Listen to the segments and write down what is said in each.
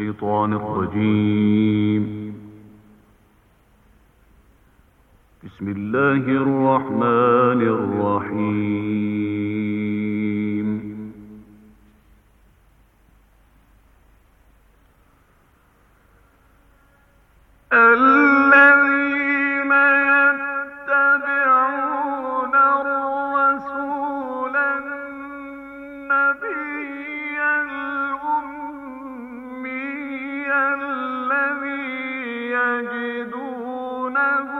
الشيطان الرجيم تجدونه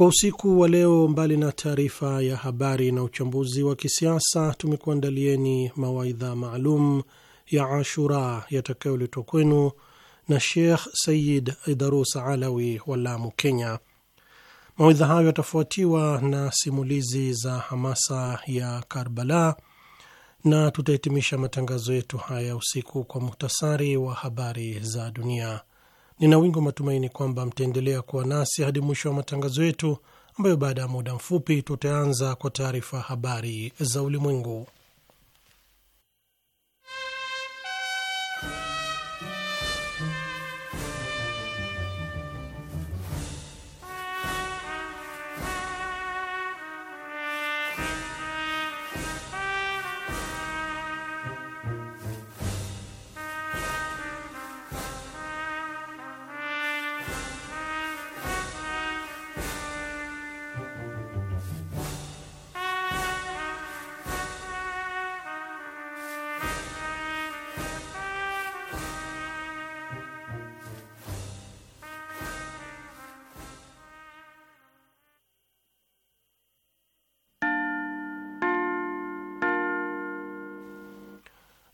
Kwa usiku wa leo, mbali na taarifa ya habari na uchambuzi wa kisiasa, tumekuandalieni mawaidha maalum ya Ashura yatakayoletwa kwenu na Sheikh Sayid Idarus Alawi wa Lamu, Kenya. Mawaidha hayo yatafuatiwa na simulizi za hamasa ya Karbala na tutahitimisha matangazo yetu haya usiku kwa muhtasari wa habari za dunia. Nina wingi matumaini kwamba mtaendelea kuwa nasi hadi mwisho wa matangazo yetu, ambayo baada ya muda mfupi tutaanza kwa taarifa habari za ulimwengu.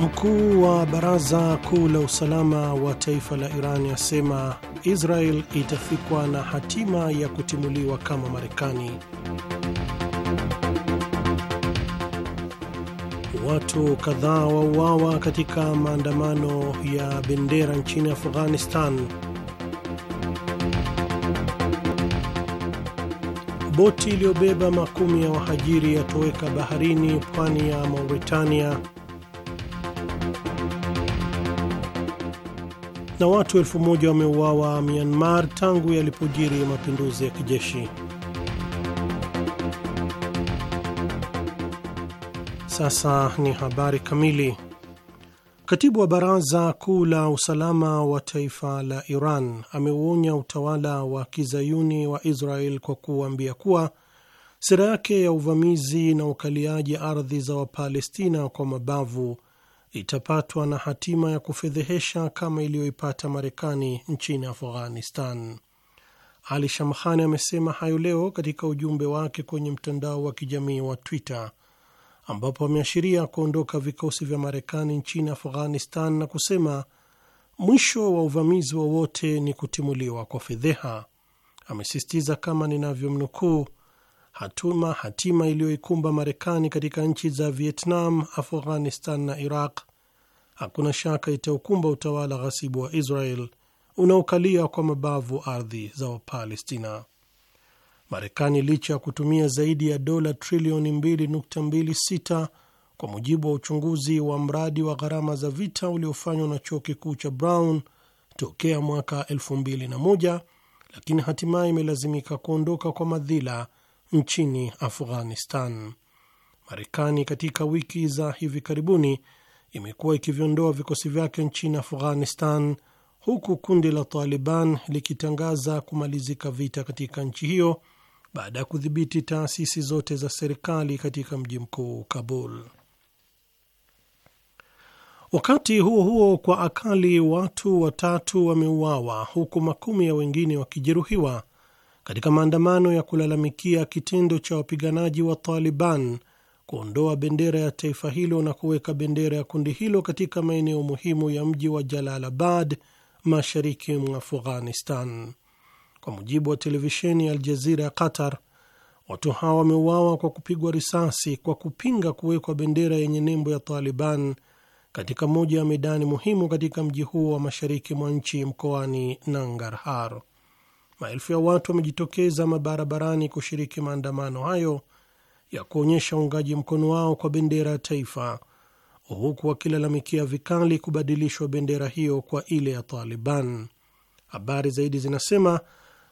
Mkuu wa Baraza Kuu la Usalama wa Taifa la Iran asema Israel itafikwa na hatima ya kutimuliwa kama Marekani. Watu kadhaa wauawa katika maandamano ya bendera nchini Afghanistan. Boti iliyobeba makumi ya wahajiri yatoweka baharini pwani ya Mauritania. na watu elfu moja wameuawa Myanmar tangu yalipojiri mapinduzi ya kijeshi. Sasa ni habari kamili. Katibu wa baraza kuu la usalama wa taifa la Iran ameuonya utawala wa kizayuni wa Israel kwa kuambia kuwa sera yake ya uvamizi na ukaliaji ardhi za Wapalestina kwa mabavu itapatwa na hatima ya kufedhehesha kama iliyoipata Marekani nchini Afghanistan. Ali Shamkhani amesema hayo leo katika ujumbe wake kwenye mtandao wa kijamii wa Twitter ambapo ameashiria kuondoka vikosi vya Marekani nchini Afghanistan na kusema mwisho wa uvamizi wowote ni kutimuliwa kwa fedheha. Amesisitiza kama ninavyomnukuu, hatuma hatima iliyoikumba Marekani katika nchi za Vietnam, Afghanistan na Iraq hakuna shaka itaukumba utawala ghasibu wa Israel unaokalia kwa mabavu ardhi za Wapalestina. Marekani licha ya kutumia zaidi ya dola trilioni 2.26 kwa mujibu wa uchunguzi wa mradi wa gharama za vita uliofanywa na chuo kikuu cha Brown tokea mwaka 2001 lakini hatimaye imelazimika kuondoka kwa madhila nchini Afghanistan. Marekani katika wiki za hivi karibuni imekuwa ikiviondoa vikosi vyake nchini Afghanistan, huku kundi la Taliban likitangaza kumalizika vita katika nchi hiyo baada ya kudhibiti taasisi zote za serikali katika mji mkuu Kabul. Wakati huo huo, kwa akali watu watatu wameuawa huku makumi ya wengine wakijeruhiwa katika maandamano ya kulalamikia kitendo cha wapiganaji wa Taliban kuondoa bendera ya taifa hilo na kuweka bendera ya kundi hilo katika maeneo muhimu ya mji wa Jalalabad mashariki mwa Afghanistan. Kwa mujibu wa televisheni ya Aljazira ya Qatar, watu hawa wameuawa kwa kupigwa risasi kwa kupinga kuwekwa bendera yenye nembo ya Taliban katika moja ya medani muhimu katika mji huo wa mashariki mwa nchi mkoani Nangarhar maelfu ya watu wamejitokeza mabarabarani kushiriki maandamano hayo ya kuonyesha uungaji mkono wao kwa bendera ya taifa huku wakilalamikia vikali kubadilishwa bendera hiyo kwa ile ya Taliban. Habari zaidi zinasema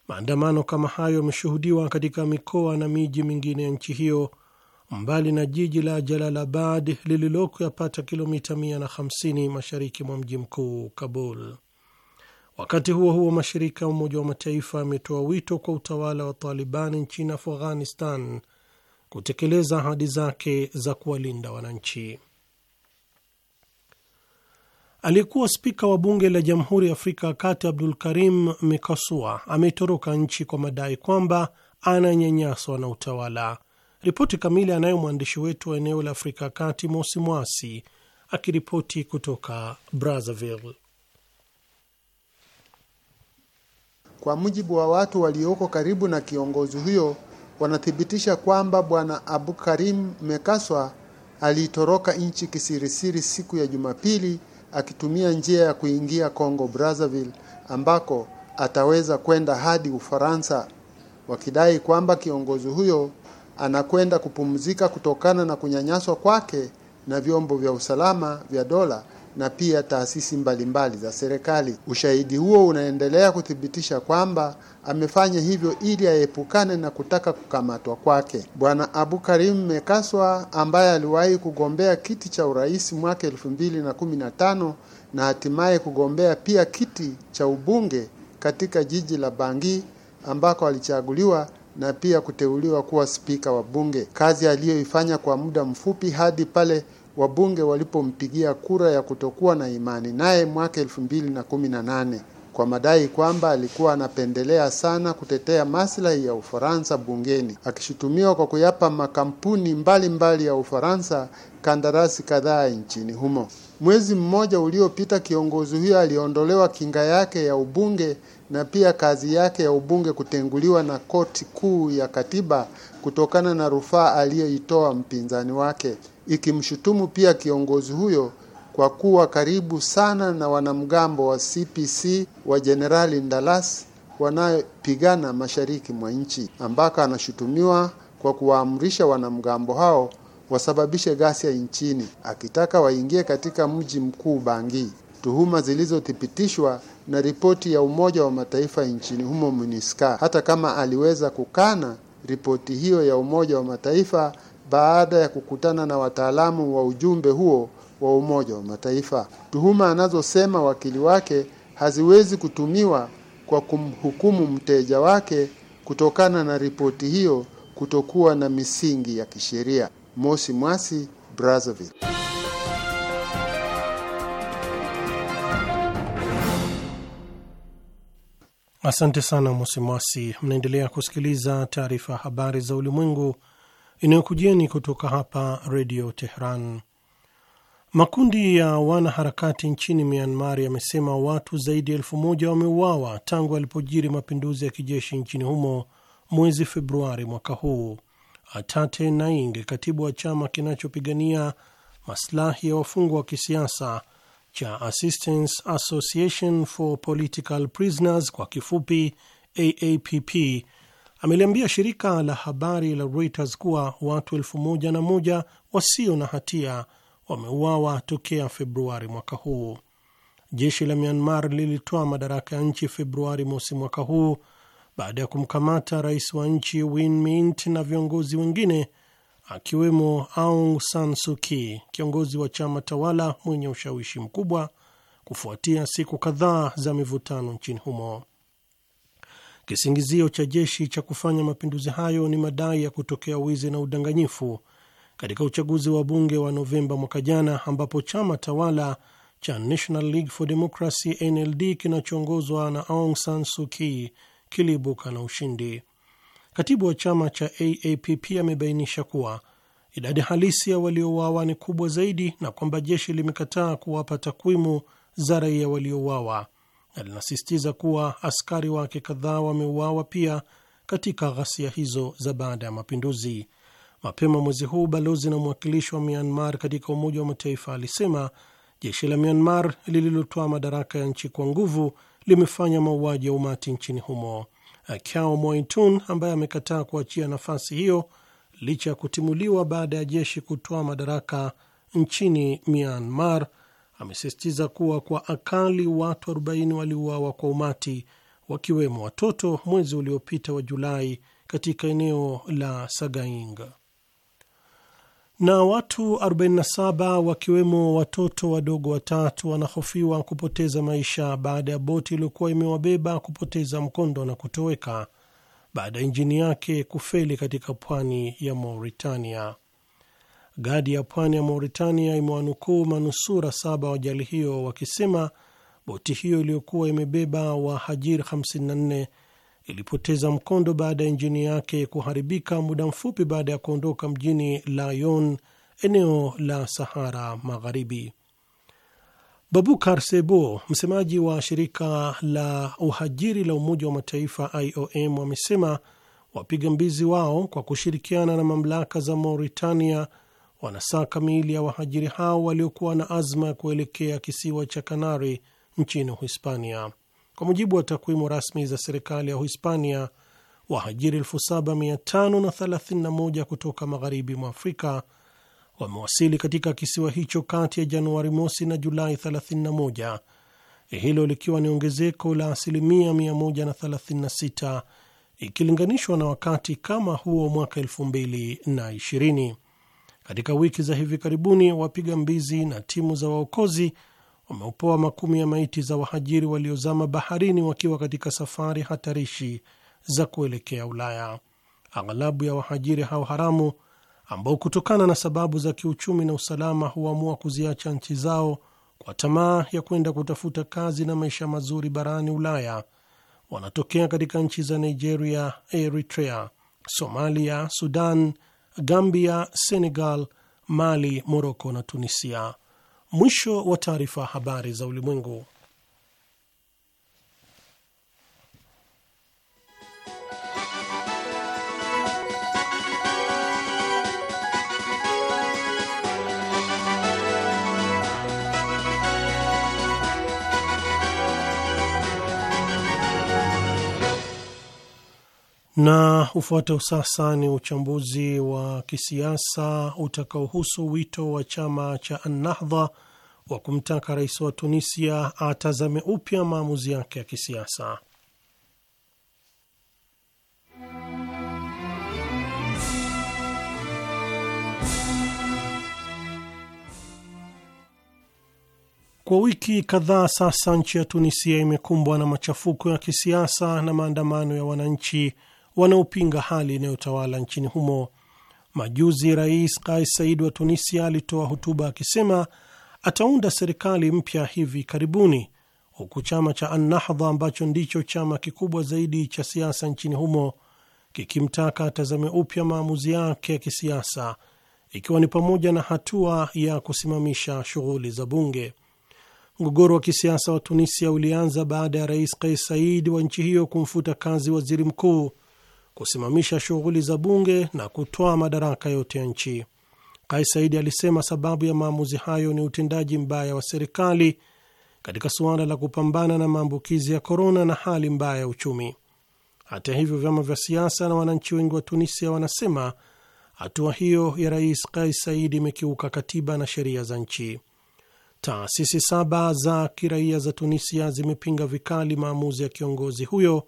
maandamano kama hayo yameshuhudiwa katika mikoa na miji mingine ya nchi hiyo, mbali na jiji la Jalalabad lililoko yapata kilomita 150 mashariki mwa mji mkuu Kabul. Wakati huo huo, mashirika ya Umoja wa Mataifa yametoa wito kwa utawala wa Talibani nchini Afghanistan kutekeleza ahadi zake za kuwalinda wananchi. Aliyekuwa spika wa bunge la Jamhuri ya Afrika ya Kati Abdul Karim Mikasua ametoroka nchi kwa madai kwamba ananyanyaswa na utawala. Ripoti kamili anayo mwandishi wetu wa eneo la Afrika ya Kati Mosi Mwasi akiripoti kutoka Brazzaville. Kwa mujibu wa watu walioko karibu na kiongozi huyo, wanathibitisha kwamba Bwana Abu Karim Mekaswa aliitoroka nchi kisirisiri siku ya Jumapili akitumia njia ya kuingia Congo Brazzaville ambako ataweza kwenda hadi Ufaransa, wakidai kwamba kiongozi huyo anakwenda kupumzika kutokana na kunyanyaswa kwake na vyombo vya usalama vya dola na pia taasisi mbalimbali za serikali. Ushahidi huo unaendelea kuthibitisha kwamba amefanya hivyo ili aepukane na kutaka kukamatwa kwake. Bwana Abu Karim Mekaswa ambaye aliwahi kugombea kiti cha urais mwaka elfu mbili na kumi na tano na hatimaye kugombea pia kiti cha ubunge katika jiji la Bangi ambako alichaguliwa na pia kuteuliwa kuwa spika wa bunge, kazi aliyoifanya kwa muda mfupi hadi pale wabunge walipompigia kura ya kutokuwa na imani naye mwaka elfu mbili na kumi na nane kwa madai kwamba alikuwa anapendelea sana kutetea maslahi ya Ufaransa bungeni, akishutumiwa kwa kuyapa makampuni mbalimbali mbali ya Ufaransa kandarasi kadhaa nchini humo. Mwezi mmoja uliopita, kiongozi huyo aliondolewa kinga yake ya ubunge na pia kazi yake ya ubunge kutenguliwa na koti kuu ya katiba kutokana na rufaa aliyoitoa mpinzani wake ikimshutumu pia kiongozi huyo kwa kuwa karibu sana na wanamgambo wa CPC wa Jenerali Ndalas wanayopigana mashariki mwa nchi, ambako anashutumiwa kwa kuwaamrisha wanamgambo hao wasababishe ghasia nchini, akitaka waingie katika mji mkuu bangi tuhuma zilizothibitishwa na ripoti ya Umoja wa Mataifa nchini humo MONUSCO, hata kama aliweza kukana ripoti hiyo ya Umoja wa Mataifa baada ya kukutana na wataalamu wa ujumbe huo wa Umoja wa Mataifa. Tuhuma anazosema wakili wake haziwezi kutumiwa kwa kumhukumu mteja wake kutokana na ripoti hiyo kutokuwa na misingi ya kisheria. Mosi Mwasi, Brazzaville. Asante sana Mosi Mwasi. Mnaendelea kusikiliza taarifa habari za ulimwengu inayokujieni kutoka hapa Redio Tehran. Makundi ya wanaharakati nchini Myanmar yamesema watu zaidi ya elfu moja wameuawa tangu alipojiri mapinduzi ya kijeshi nchini humo mwezi Februari mwaka huu. Atate Naing, katibu wa chama kinachopigania maslahi ya wafungwa wa kisiasa cha Assistance Association for Political Prisoners, kwa kifupi AAPP, ameliambia shirika la habari la Reuters kuwa watu elfu moja na moja wasio na hatia wameuawa tokea Februari mwaka huu. Jeshi la Myanmar lilitoa madaraka ya nchi Februari mosi mwaka huu baada ya kumkamata rais wa nchi Win Mint na viongozi wengine akiwemo Aung San Suu Kyi, kiongozi wa chama tawala mwenye ushawishi mkubwa, kufuatia siku kadhaa za mivutano nchini humo. Kisingizio cha jeshi cha kufanya mapinduzi hayo ni madai ya kutokea wizi na udanganyifu katika uchaguzi wa bunge wa Novemba mwaka jana, ambapo chama tawala cha National League for Democracy NLD kinachoongozwa na Aung San Suu Kyi kiliibuka na ushindi. Katibu wa chama cha AAPP amebainisha kuwa idadi halisi ya waliouawa ni kubwa zaidi na kwamba jeshi limekataa kuwapa takwimu za raia waliouawa na linasisitiza kuwa askari wake kadhaa wameuawa pia katika ghasia hizo za baada ya mapinduzi. Mapema mwezi huu, balozi na mwakilishi wa Myanmar katika Umoja wa Mataifa alisema jeshi la Myanmar lililotoa madaraka ya nchi kwa nguvu limefanya mauaji ya umati nchini humo. Kyaw Moe Tun ambaye amekataa kuachia nafasi hiyo licha ya kutimuliwa baada ya jeshi kutoa madaraka nchini Myanmar amesisitiza kuwa kwa akali watu 40 waliuawa kwa umati wakiwemo watoto mwezi uliopita wa Julai katika eneo la Sagaing na watu 47 wakiwemo watoto wadogo watatu wanahofiwa kupoteza maisha baada ya boti iliyokuwa imewabeba kupoteza mkondo na kutoweka baada ya injini yake kufeli katika pwani ya Mauritania. Gadi ya pwani ya Mauritania imewanukuu manusura saba wa ajali hiyo wakisema boti hiyo iliyokuwa imebeba wahajiri 54 ilipoteza mkondo baada ya injini yake kuharibika muda mfupi baada ya kuondoka mjini lyon eneo la Sahara Magharibi. Babukar Sebo, msemaji wa shirika la uhajiri la Umoja wa Mataifa IOM, wamesema wapiga mbizi wao kwa kushirikiana na mamlaka za Mauritania wanasaka miili ya wahajiri hao waliokuwa na azma ya kuelekea kisiwa cha Kanari nchini Uhispania. Kwa mujibu wa takwimu rasmi za serikali ya Uhispania, wahajiri 7531 kutoka magharibi mwa Afrika wamewasili katika kisiwa hicho kati ya Januari mosi na Julai 31, hilo likiwa ni ongezeko la asilimia 136 ikilinganishwa na wakati kama huo mwaka 2020. Katika wiki za hivi karibuni, wapiga mbizi na timu za waokozi wameopoa makumi ya maiti za wahajiri waliozama baharini wakiwa katika safari hatarishi za kuelekea Ulaya. Aghalabu ya wahajiri hao haramu ambao kutokana na sababu za kiuchumi na usalama huamua kuziacha nchi zao kwa tamaa ya kwenda kutafuta kazi na maisha mazuri barani Ulaya wanatokea katika nchi za Nigeria, Eritrea, Somalia, Sudan, Gambia, Senegal, Mali, Moroko na Tunisia. Mwisho wa taarifa. Habari za Ulimwengu. Na ufuatao sasa ni uchambuzi wa kisiasa utakaohusu wito wa chama cha Annahdha wa kumtaka rais wa Tunisia atazame upya maamuzi yake ya kisiasa. Kwa wiki kadhaa sasa, nchi ya Tunisia imekumbwa na machafuko ya kisiasa na maandamano ya wananchi wanaopinga hali inayotawala nchini humo. Majuzi Rais Kais Said wa Tunisia alitoa hotuba akisema ataunda serikali mpya hivi karibuni, huku chama cha Annahdha ambacho ndicho chama kikubwa zaidi cha siasa nchini humo kikimtaka atazame upya maamuzi yake ya kisiasa, ikiwa ni pamoja na hatua ya kusimamisha shughuli za bunge. Mgogoro wa kisiasa wa Tunisia ulianza baada ya Rais Kais Said wa nchi hiyo kumfuta kazi waziri mkuu kusimamisha shughuli za bunge na kutoa madaraka yote ya nchi. Kais Saidi alisema sababu ya maamuzi hayo ni utendaji mbaya wa serikali katika suala la kupambana na maambukizi ya korona na hali mbaya ya uchumi. Hata hivyo, vyama vya siasa na wananchi wengi wa Tunisia wanasema hatua hiyo ya Rais Kais Saidi imekiuka katiba na sheria za nchi. Taasisi saba za kiraia za Tunisia zimepinga vikali maamuzi ya kiongozi huyo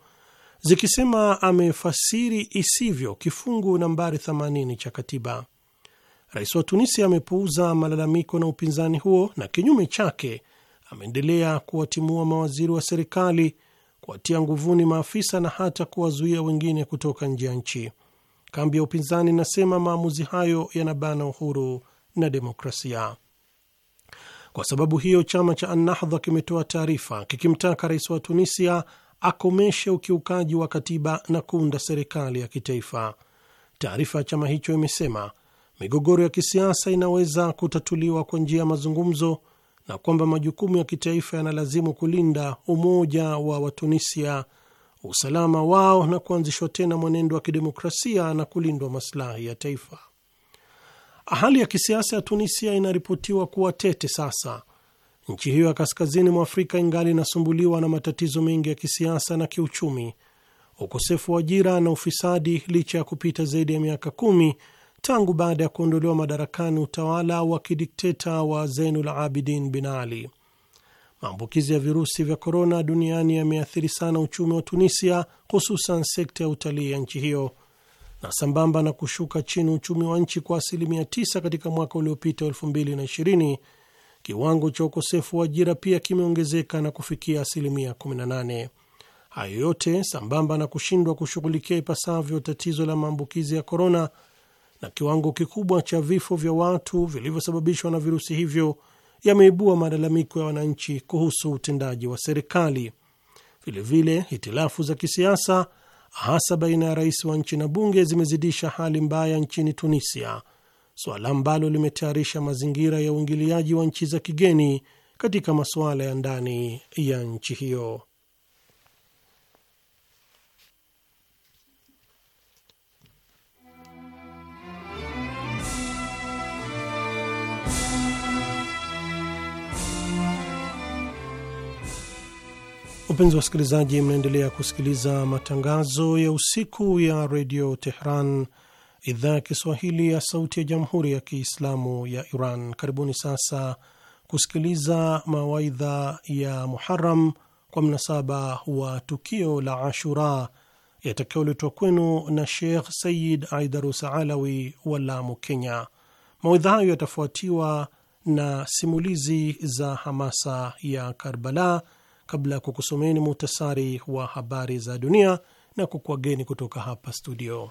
zikisema amefasiri isivyo kifungu nambari 80 cha katiba. Rais wa Tunisia amepuuza malalamiko na upinzani huo na kinyume chake ameendelea kuwatimua mawaziri wa serikali, kuwatia nguvuni maafisa na hata kuwazuia wengine kutoka nje ya nchi. Kambi ya upinzani inasema maamuzi hayo yanabana uhuru na demokrasia. Kwa sababu hiyo, chama cha Annahdha kimetoa taarifa kikimtaka rais wa Tunisia akomeshe ukiukaji wa katiba na kuunda serikali ya kitaifa. Taarifa ya chama hicho imesema migogoro ya kisiasa inaweza kutatuliwa kwa njia ya mazungumzo na kwamba majukumu ya kitaifa yanalazimu kulinda umoja wa Watunisia, usalama wao na kuanzishwa tena mwenendo wa kidemokrasia na kulindwa masilahi ya taifa. Hali ya kisiasa ya Tunisia inaripotiwa kuwa tete sasa Nchi hiyo ya kaskazini mwa Afrika ingali inasumbuliwa na matatizo mengi ya kisiasa na kiuchumi, ukosefu wa ajira na ufisadi, licha ya kupita zaidi ya miaka kumi tangu baada ya kuondolewa madarakani utawala wa kidikteta wa Zeinul Abidin Bin Ali. Maambukizi ya virusi vya korona duniani yameathiri sana uchumi wa Tunisia, hususan sekta ya utalii ya nchi hiyo, na sambamba na kushuka chini uchumi wa nchi kwa asilimia 9 katika mwaka uliopita 2020 kiwango cha ukosefu wa ajira pia kimeongezeka na kufikia asilimia 18. Hayo yote sambamba na kushindwa kushughulikia ipasavyo tatizo la maambukizi ya korona na kiwango kikubwa cha vifo vya watu vilivyosababishwa na virusi hivyo yameibua malalamiko ya wananchi kuhusu utendaji wa serikali. Vilevile, hitilafu za kisiasa hasa baina ya rais wa nchi na bunge zimezidisha hali mbaya nchini Tunisia suala ambalo limetayarisha mazingira ya uingiliaji wa nchi za kigeni katika masuala ya ndani ya nchi hiyo. Wapenzi wasikilizaji, mnaendelea kusikiliza matangazo ya usiku ya redio Tehran, idhaa ya Kiswahili ya Sauti ya Jamhuri ya Kiislamu ya Iran. Karibuni sasa kusikiliza mawaidha ya Muharam kwa mnasaba wa tukio la Ashura yatakayoletwa kwenu na Sheikh Sayid Aidarus Alawi wa Lamu, Kenya. Mawaidha hayo yatafuatiwa na simulizi za hamasa ya Karbala kabla ya kukusomeni muhtasari wa habari za dunia na kukuageni kutoka hapa studio.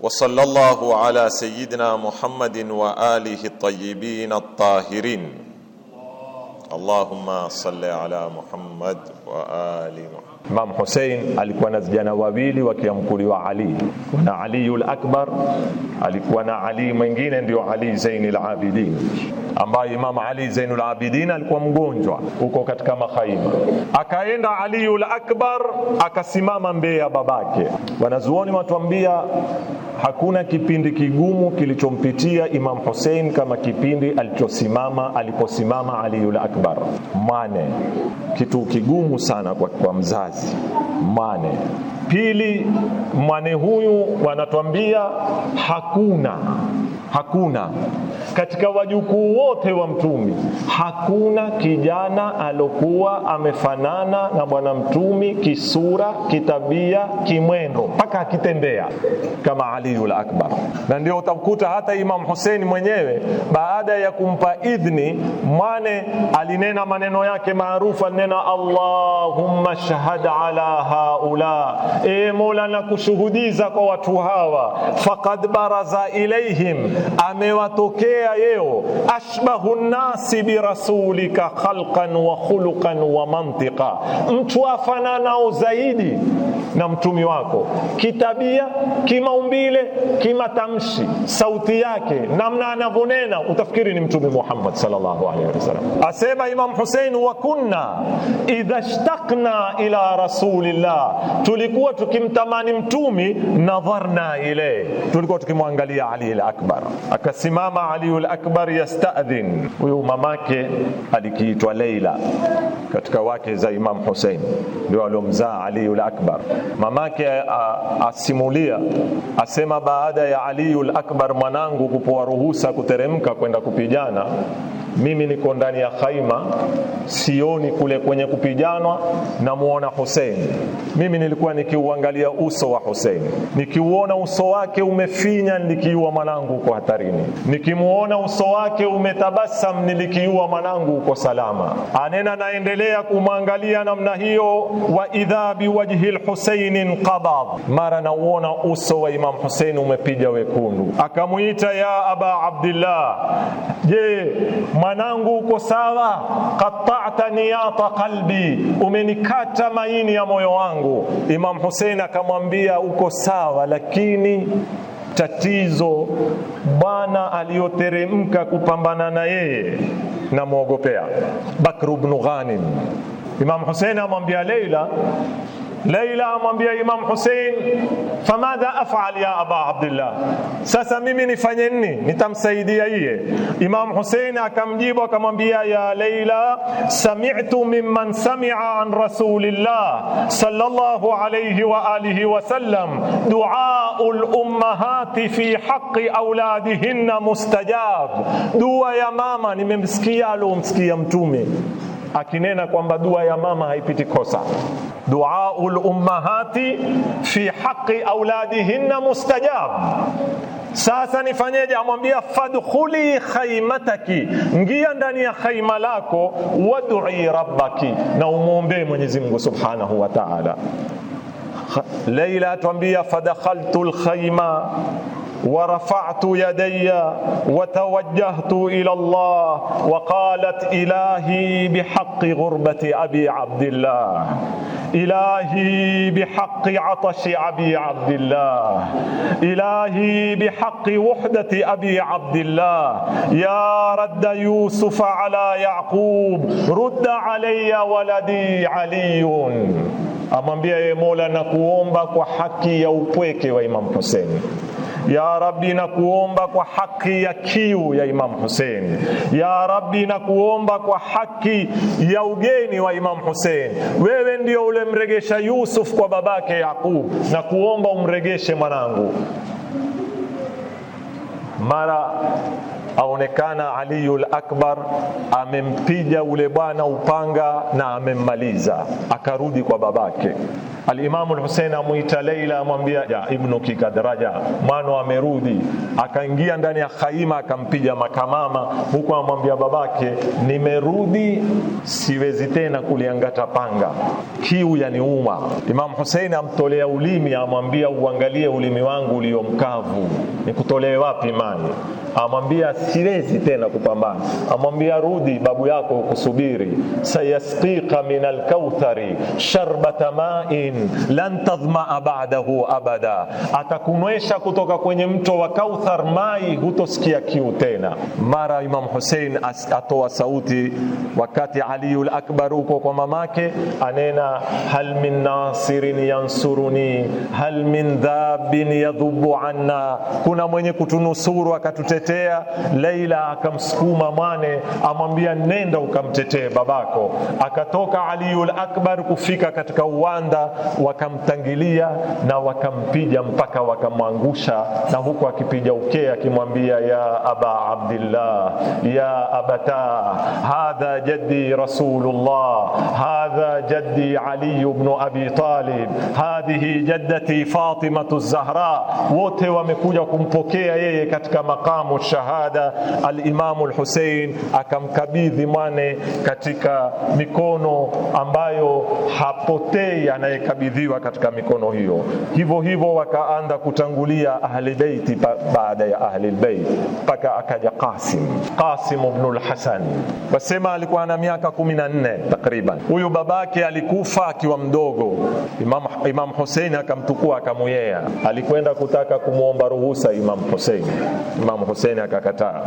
وصلى الله على سيدنا محمد واله الطيبين الطاهرين اللهم صل على محمد وال محمد Imam Hussein alikuwa na vijana wawili wakiamkuliwa Ali. Kuna al Akbar, alikuwa na Ali mwingine ndio Ali Zainul Abidin, ambaye Imam Ali Zainul Abidin alikuwa mgonjwa huko katika makhaima. Akaenda al Akbar akasimama mbele ya babake. Wanazuoni watuambia hakuna kipindi kigumu kilichompitia Imam Hussein kama kipindi alichosimama aliposimama al Akbar. Mane kitu kigumu sana kwa, kwa mzazi money Pili, mwane huyu wanatuambia hakuna hakuna katika wajukuu wote wa mtumi hakuna kijana alokuwa amefanana na bwana mtumi kisura, kitabia, kimwendo mpaka akitembea kama Aliyul Akbar. Na ndio utakuta hata Imam Hussein mwenyewe baada ya kumpa idhni mwane alinena maneno yake maarufu, alinena Allahumma shahada ala haula e Mola, na kushuhudiza kwa watu hawa, faqad baraza ilaihim, amewatokea yeo ashbahu nnasi birasulika khalqan wa khuluqan wa mantiqa, mtu afananao zaidi na mtumi wako kitabia, kimaumbile, kimatamshi, sauti yake, namna anavyonena, utafikiri ni mtumi Muhammad sallallahu alaihi wasallam. Asema Imam Hussein, wa kunna idha ishtaqna ila rasulillah, tulikuwa tulikuwa tukimtamani mtumi nadharna ile tulikuwa tukimwangalia ali lakbar akasimama al-Akbar yastadhin huyu mamake alikiitwa leila katika wake za imam husein ndio aliomzaa aliyu akbar mamake asimulia asema baada ya aliyu lakbar mwanangu kupoa ruhusa kuteremka kwenda kupijana mimi niko ndani ya khaima, sioni kule kwenye kupijanwa, namuona Hussein. Mimi nilikuwa nikiuangalia uso wa Hussein, nikiuona uso wake umefinya, nilikijua mwanangu uko hatarini. Nikimuona uso wake umetabasam, nilikijua mwanangu uko salama. Anena naendelea kumwangalia namna hiyo, wa idha biwajhi lhuseinin qabad, mara nauona uso wa Imam Hussein umepija wekundu. Akamuita ya aba Abdillah, je mwanangu, uko sawa? qata'ta niyata qalbi, umenikata maini ya moyo wangu. Imam Hussein akamwambia uko sawa, lakini tatizo bwana aliyoteremka kupambana na yeye namwogopea Bakr ibn Ghanim. Imam Hussein amwambia Leila Laila amwambia Imam Hussein, famadha af'al ya aba Abdullah, sasa mimi nifanye nini? Nitamsaidia yeye. Imam Hussein akamjibu akamwambia, ya Laila, sami'tu mimman sami'a an rasulillah sallallahu alayhi wa alihi wa sallam du'a ummahati fi haqqi auladihinna mustajab, dua ya mama nimemsikia alomsikia mtume akinena kwamba dua ya mama haipiti kosa. Duaul ummahati fi haqi auladihinna mustajab. Sasa nifanyeje? Amwambia fadkhuli khaimataki, ngia ndani ya khaima lako, wadui rabbaki, na umwombee Mwenyezi Mungu subhanahu wa ta'ala. Leila atuambia fadakhaltu lkhaima ورفعت يدي وتوجهت الى الله وقالت الهي بحق غربه ابي عبد الله إلهي بحق عطش أبي عبد الله إلهي بحق وحدة أبي عبد الله يا رد يوسف على يعقوب رد علي ولدي علي amwambia yeye mola na kuomba kwa haki ya upweke wa imam huseni Ya Rabbi, kuomba kwa haki ya kiu ya Imam Hussein. Ya Rabbi, nakuomba kwa haki ya ugeni wa Imam Hussein. Wewe ndio ule mregesha Yusuf kwa babake Yaqub, kuomba umregeshe mwanangu. Mara aonekana Aliyul Akbar amempija ule bwana upanga na amemmaliza, akarudi kwa babake. Alimamu lhusein amwita Leila, amwambia ya ibnu kikadraja mwana amerudi. Akaingia ndani ya khaima akampiga makamama, huku amwambia babake, nimerudi, siwezi tena kuliangata panga, kiu yaniuma. Imamu Husein amtolea ulimi, amwambia uangalie ulimi wangu ulio mkavu, nikutolee wapi maji? Amwambia siwezi tena kupambana. Amwambia rudi, babu yako kusubiri, sayasqika min alkauthari sharbata ma'in lan tadhmaa ba'dahu abada, atakunwesha kutoka kwenye mto wa Kauthar mai hutosikia kiu tena. Mara Imam Hussein atoa sauti wakati al Akbar uko kwa mamake, anena hal min nasirin yansuruni hal min dhabin yadhubu anna, kuna mwenye kutunusuru akatutetea. Leila akamsukuma mwane, amwambia nenda ukamtetee babako. Akatoka al Akbar kufika katika uwanda wakamtangilia na wakampija mpaka wakamwangusha, na huku akipija ukee akimwambia, ya aba Abdillah, ya abata hadha jaddi rasulullah, hadha jaddi Ali ibn abi Talib, hadhihi jaddati Fatimatu Zahra. Wote wamekuja kumpokea yeye katika makamu shahada. Alimamu Lhusein akamkabidhi mwane katika mikono ambayo hapotei anayeka wakakabidhiwa katika mikono hiyo. Hivyo hivyo wakaanza kutangulia ahli baiti baada ya ahli albayt, mpaka akaja Qasim, Qasim ibn al-Hasan. Wasema alikuwa na miaka 14 takriban. Huyu babake alikufa akiwa mdogo. Imam Imam Hussein akamtukua akamuyea, alikwenda kutaka kumwomba ruhusa Imam Hussein. Imam Hussein akakataa,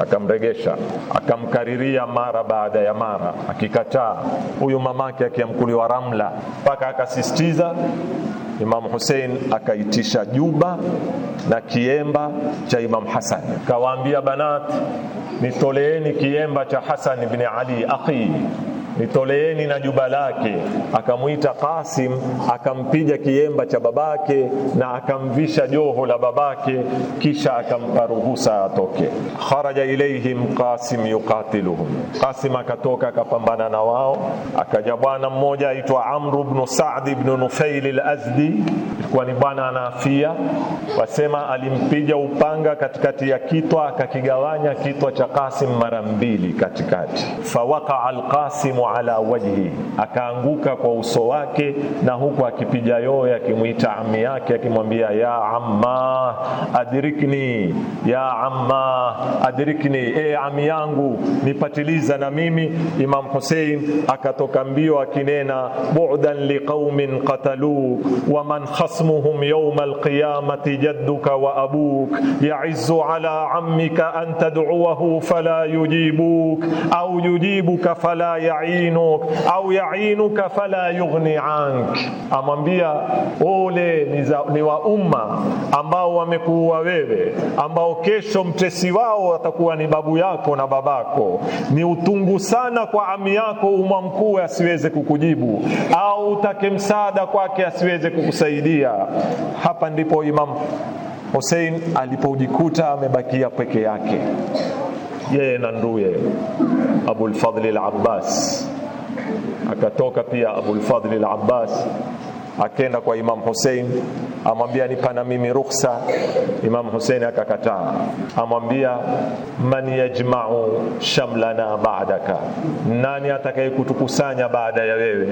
akamregesha, akamkariria mara baada ya mara, akikataa. Huyu mamake akiamkuliwa ramla mpaka akasisitiza kusisitiza Imam Hussein akaitisha juba na kiemba cha Imamu Hasan, kawaambia banat, nitoleeni kiemba cha Hasan bin Ali akhi nitoleeni na juba lake. Akamwita Qasim, akampiga kiemba cha babake na akamvisha joho la babake, kisha akampa ruhusa atoke. Kharaja ilaihim Qasim yuqatiluhum, Qasim akatoka akapambana na wao. Akaja bwana mmoja aitwa Amr ibn Sa'd ibn Nufail al-Azdi, ilikuwa ni bwana anaafia, wasema alimpiga upanga katikati ya kitwa, akakigawanya kitwa cha Qasim mara mbili katikati, fawaqa al-Qasim ala wajhi, akaanguka kwa uso wake, na huku akipiga yoye, akimwita ammi yake, akimwambia ya amma adrikni, ya amma adrikni, e ami yangu nipatiliza na mimi. Imam Hussein akatoka mbio akinena bu'dan liqaumin qatalu wa man khasmuhum yawm alqiyamati jadduka wa abuk ya'izzu ala ammika an tad'uwahu fala yujibuk au yujibuka fala ya'i yainuk au yainuka fala yughni ank, amwambia ole ni, za, ni wa umma ambao wamekuua wewe, ambao kesho mtesi wao watakuwa ni babu yako na babako. Ni utungu sana kwa ami yako umma mkuu asiweze kukujibu, au utake msaada kwake asiweze kukusaidia. Hapa ndipo Imam Hussein alipojikuta amebakia peke yake yeye na nduye Abulfadhli al-Abbas akatoka pia Abulfadhli al-Abbas akenda kwa Imam Hussein, amwambia nipa na mimi ruhusa. Imam Hussein akakataa, amwambia man yajma'u shamlana ba'daka, nani atakaye kutukusanya baada ya wewe?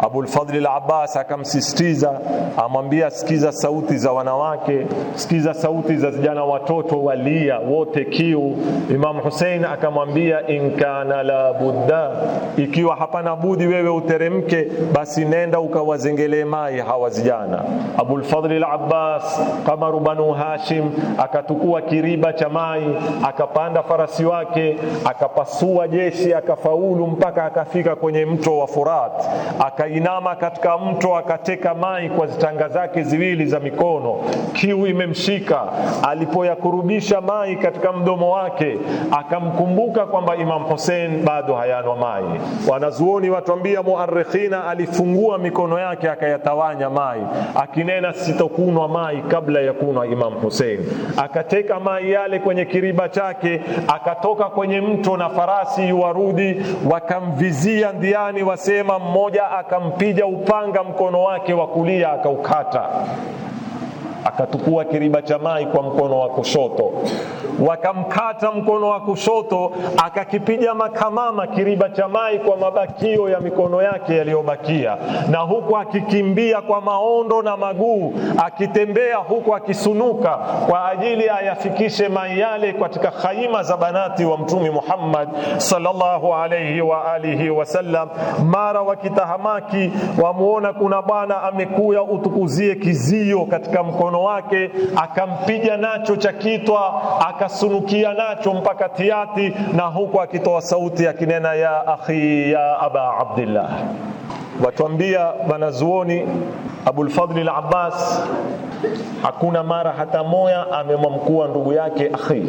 Abul Fadl al-Abbas akamsisitiza, amwambia sikiza sauti za wanawake, sikiza sauti za vijana, watoto walia wote kiu. Imam Hussein akamwambia in kana la budda, ikiwa hapana budi wewe uteremke, basi nenda ukawazengele hatimaye hawa vijana Abulfadli al-Abbas Qamaru Banu Hashim akatukua kiriba cha mai, akapanda farasi wake, akapasua jeshi, akafaulu mpaka akafika kwenye mto wa Furat, akainama katika mto, akateka mai kwa zitanga zake ziwili za mikono, kiu imemshika. Alipoyakurubisha mai katika mdomo wake, akamkumbuka kwamba Imam Hussein bado hayanwa mai. Wanazuoni watuambia, muarikhina alifungua mikono yake akayata akatawanya mai akinena sitokunwa mai kabla ya kunwa Imam Hussein. Akateka mai yale kwenye kiriba chake, akatoka kwenye mto na farasi yuwarudi, wakamvizia ndiani, wasema mmoja akampija upanga mkono wake wa kulia akaukata akatukua kiriba cha mai kwa mkono wa kushoto, wakamkata mkono wa kushoto, akakipiga makamama kiriba cha mai kwa mabakio ya mikono yake yaliyobakia, na huku akikimbia kwa maondo na maguu, akitembea huku akisunuka kwa ajili ayafikishe mai yale katika khaima za banati wa Mtume Muhammad sallallahu alayhi wa alihi wasallam. Mara wakitahamaki wamuona kuna bwana amekuya, utukuzie kizio katika mkono mkono wake akampiga nacho cha kitwa, akasunukia nacho mpaka tiati, na huku akitoa sauti akinena ya akhi ya aba Abdillah. Watuambia wanazuoni Abulfadli al-Abbas, hakuna mara hata moya amemwamkua ndugu yake akhi,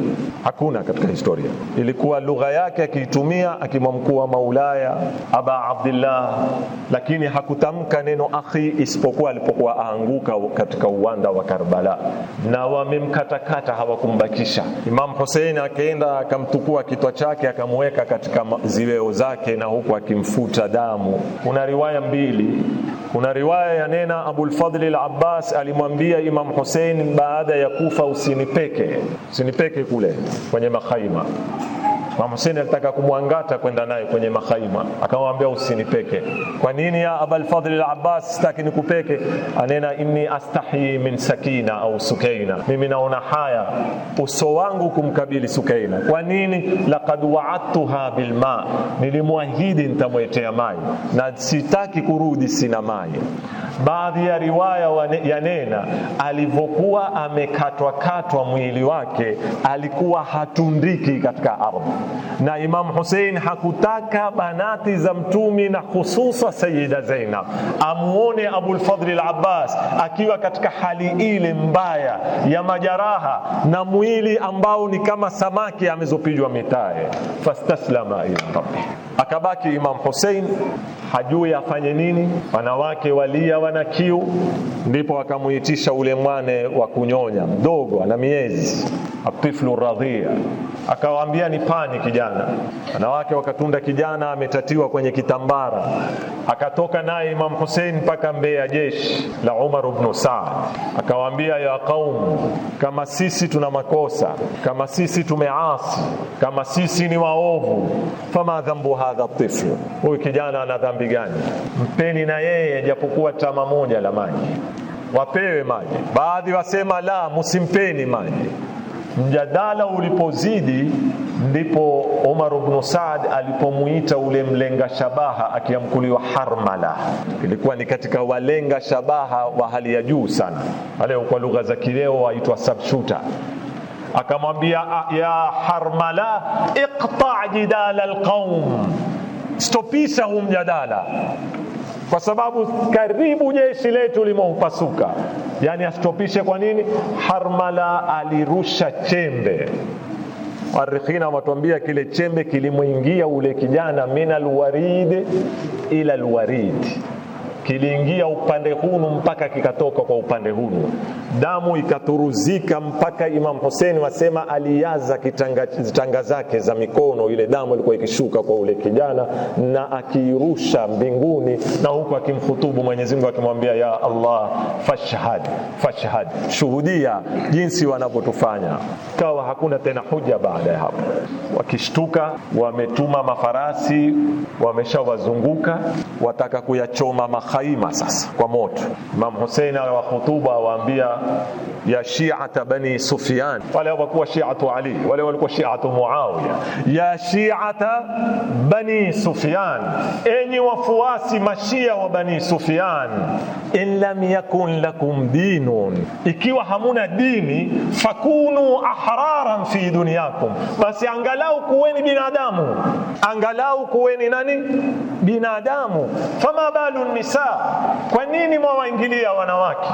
hakuna katika historia. Ilikuwa lugha yake akiitumia akimwamkua Maulaya Aba Abdillah, lakini hakutamka neno akhi isipokuwa alipokuwa aanguka katika uwanda wa Karbala, na wamemkatakata hawakumbakisha. Imam Hussein akaenda akamtukua kichwa chake akamweka katika ziweo zake, na huku akimfuta damu. Kuna riwaya riwaya mbili. Kuna riwaya ya yanena Abulfadli al-Abbas alimwambia Imam Hussein baada ya kufa, usinipeke, usinipeke kule kwenye makhaima Imam Hussein alitaka kumwangata kwenda naye kwenye mahaima, akamwambia usinipeke. Kwa nini? ya Abul Fadhl al-Abbas, sitaki nikupeke. Anena inni astahi min Sakina au Sukaina, mimi naona haya uso wangu kumkabili Sukaina. Kwa nini? laqad wa'adtuha bilma, nilimwahidi nitamwetea maji na sitaki kurudi sina maji. Baadhi ya riwaya yanena alivyokuwa amekatwakatwa mwili wake alikuwa hatundiki katika ardhi na Imam Hussein hakutaka banati za mtumi na hususa Sayyida Zainab amuone Abul Fadl al-Abbas akiwa katika hali ile mbaya ya majaraha na mwili ambao ni kama samaki amezopijwa mitae. Fastaslama ila rabbi, akabaki Imam Hussein hajui afanye nini, wanawake walia wana kiu. Ndipo akamuitisha ule mwane wa kunyonya mdogo, ana miezi atiflu radhia akawaambia ni pani kijana. Wanawake wakatunda kijana ametatiwa kwenye kitambara, akatoka naye Imam Hussein mpaka mbele ya jeshi la Umar ibn Saad, akawaambia ya qaum, kama sisi tuna makosa, kama sisi tumeasi, kama sisi ni waovu, fama dhambu hadha tiflu, huyu kijana ana dhambi gani? Mpeni na yeye japokuwa tama moja la maji, wapewe maji. Baadhi wasema la, musimpeni maji Mjadala ulipozidi ndipo Umar ibn Saad alipomuita ule mlenga shabaha akiamkuliwa Harmala. Ilikuwa ni katika walenga shabaha wa hali ya juu sana, wale kwa lugha za kileo waitwa sharpshooter. Akamwambia ya Harmala, iqta jidala alqaum, stopisha huu mjadala kwa sababu karibu jeshi letu limompasuka. Yani asitopishe. Kwa nini? Harmala alirusha chembe Warikhina wametuambia kile chembe kilimwingia ule kijana min alwaridi ila alwarid, kiliingia upande hunu mpaka kikatoka kwa upande hunu damu ikaturuzika mpaka Imam Hussein wasema aliaza kitanga, zake za mikono. Ile damu ilikuwa ikishuka kwa ule kijana na akiirusha mbinguni, na huku akimhutubu Mwenyezi Mungu akimwambia, ya Allah fashhad, fashhad, shuhudia jinsi wanavyotufanya. Kawa hakuna tena huja baada ya hapo. Wakishtuka wametuma mafarasi, wameshawazunguka wataka kuyachoma mahaima sasa kwa moto. Imam Hussein awahutubu awaambia يا شيعة بني سفيان wale hawakuwa shiatu Ali wale walikuwa shiatu Muawiya ya shiata bani Sufyan enyi wafuasi mashia wa bani Sufyan in lam yakun lakum dinun ikiwa hamuna dini fakunu ahraran fi dunyakum basi angalau kuweni binadamu angalau kuweni nani binadamu fama balu nisa kwa nini mwawaingilia wanawake